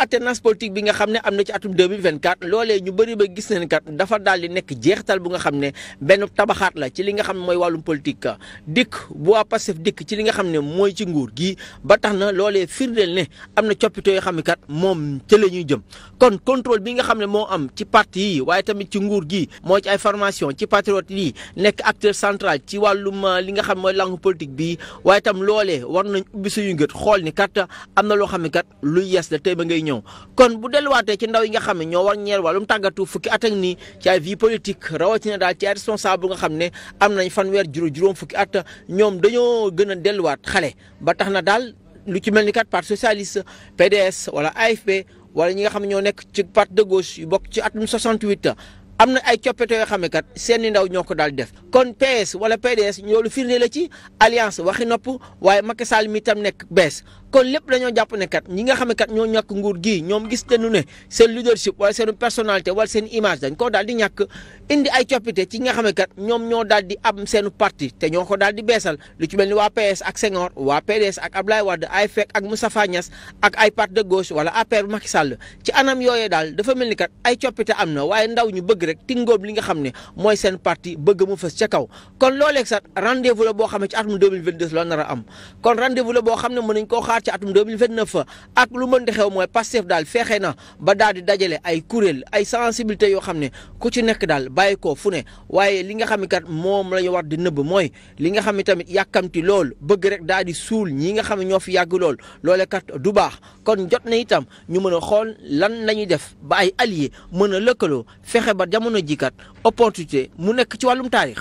alternance politique bi nga xam ne am na ci atum 2024 loolee ñu bëri ba gis nañ kat dafa daal di nekk jeexital bu nga xam ne benn tabaxaat la ci li nga xam ne mooy wàllum politique dikk bu waa Pastef dikk ci li nga xam ne mooy ci nguur gi ba tax na loolee firndeel ne am na coppite yoo xam moom ca la ñuy jëm kon control bi nga xam ne moo am ci parti yi waaye tamit ci nguur gi moo ci ay formation ci patriote yi nekk acteur central ci wàllum euh, li nga xam mooy langue politique bi waaye tam loole war nañ ubbi suñu gët xool ni kat am na loo xam luy yes la tey ba ngay ñëw ñëw kon bu delluwaatee ci ndaw yi nga xam ne ñoo war ñeel wàllum tàggatu fukki at ak nii ci ay vie politique rawatina daal ci ay responsable nga xam ne am nañ fanweer juróom fukki at ñoom dañoo gën a delluwaat xale ba tax na daal lu ci mel ni kat parti socialiste PDS wala AFP wala ñi nga xam ne ñoo nekk ci parti de gauche yu bokk ci atum 68 am na ay coppete yoo xam ne kat seen ndaw ñoo ko daal def kon PS wala PDS ñoo lu firnde la ci alliance waxi nopp waaye Macky Sall mi tam nekk bees kon lépp dañoo jàpp ne ñi nga xam ne kat ñoo ñàkk nguur gi ñoom gis nañu ne seen leadership wala seen personnalité wala seen image dañ ko daal di ñàkk indi ay coppite ci nga xam ne kat ñoom ñoo daal di am seen parti te ñoo ko daal di beesal lu ci mel ni waa PS ak Senghor waa PDS ak Abdoulaye Wade ay fekk ak Moustapha Niass ak ay parti de gauche wala APR Macky Sall ci anam yooyee daal dafa mel ni kat ay coppite am na waaye ndaw ñu bëgg rek tingóob li nga xam ne mooy seen parti bëgg mu fës ca kaw kon looleeg sax rendez boo xam ne ci atum 2022 la nar a am kon rendez-vous boo xam ne mën nañ di xew mooy Pastef daal fexe na ba daal di yoo xam ne ku ci nekk daal bàyyi ko fu ne waaye li nga xam ne kat moom la ñu war di nëbb mooy li nga xam ne tamit yàkkamti lool bëgg rek daal di suul ñi nga xam ne ñoo fi yàgg lool loole kat du baax kon jot na itam ñu mën a xool lan la def ba ay alliés mën a lëkkaloo fexe ba jamono jikat opportunité mu nekk ci wàllum taarix